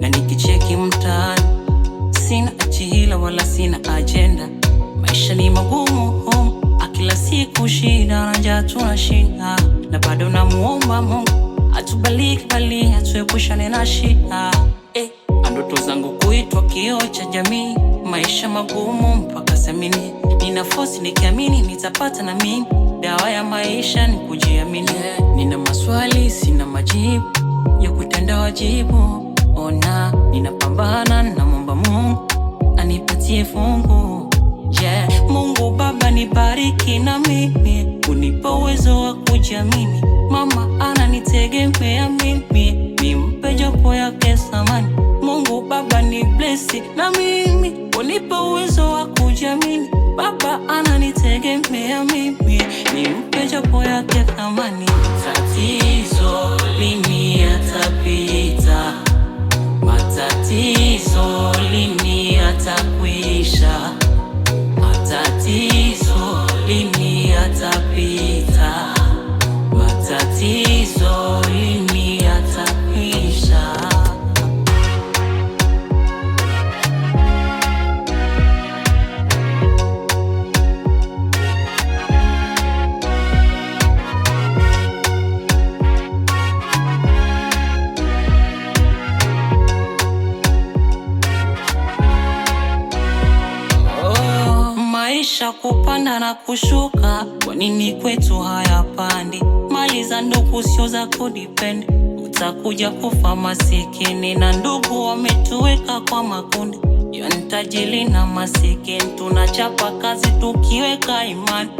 na nikicheki mtaani sina achihila wala sina ajenda. Maisha ni magumu home, um, akila siku shida raja tunashinda, na bado namuomba Mungu atubariki bali atuepushane na shida eh. Ndoto zangu kuitwa kioo cha jamii, maisha magumu mpaka samini, nina force nikiamini nitapata na mimi dawa ya maisha ni kujiamini. Nina maswali sina majibu ya kutenda wajibu ona ninapambana na momba Mungu anipatie fungu. Yeah, Mungu Baba nibariki na mimi, unipa uwezo wa kujiamini. Mama ananitegemea mimi, nimpe jopo yake samani. Mungu Baba ni blessi na mimi, unipa uwezo wa kujiamini. Baba ananitegemea mimi, nimpe jopo yake thamani yatapita, watatizo maisha kupanda na kushuka, kwa nini kwetu hayapandi? Mali za ndugu sio za kudipend, utakuja kufa masikini. Na ndugu wametuweka kwa makundi, yani tajiri na masikini, tunachapa kazi tukiweka imani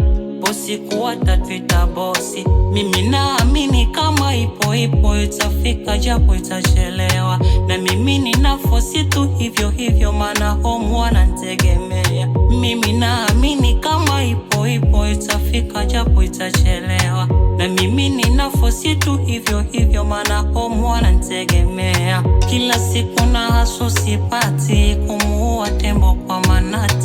usiku watatuita bosi. Mimi naamini kama ipo ipo itafika, japo itachelewa. Na mimi ni force tu hivyo hivyo, maana homu wanantegemea. Mimi naamini kama ipo ipo itafika, japo itachelewa. Na mimi ni force tu hivyo hivyo, maana homu wanantegemea. Kila siku na hasusi pati kumuua tembo kwa manati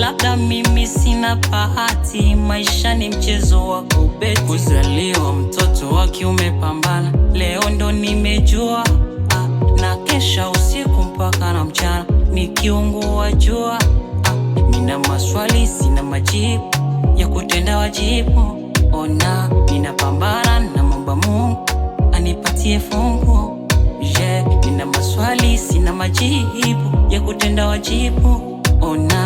Labda mimi sina bahati, maisha ni mchezo wa kubeti. Kuzaliwa mtoto wa kiume pambana, leo ndo nimejua ah, na kesha usiku mpaka na mchana, ni kiungu wa jua ah, nina maswali sina majibu ya kutenda wajibu. Ona ninapambana na Muumba Mungu anipatie fungu. Je, yeah, nina maswali sina majibu ya kutenda wajibu. Ona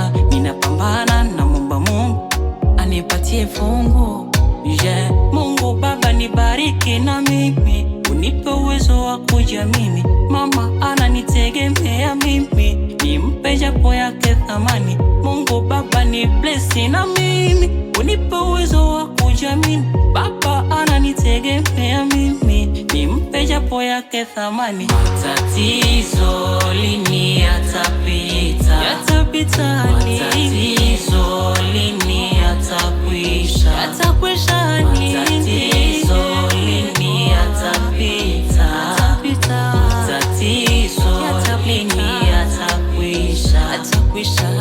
kuja mimi, mama ananitegemea mimi, nimpe japo yake thamani. Mungu Baba ni blessi na mimi, unipe uwezo wa kuja mimi, Baba ananitegemea mimi, nimpe japo yake thamani. Matatizo lini yatapita, yatapita, matatizo lini yatakwisha, yatakwisha wish I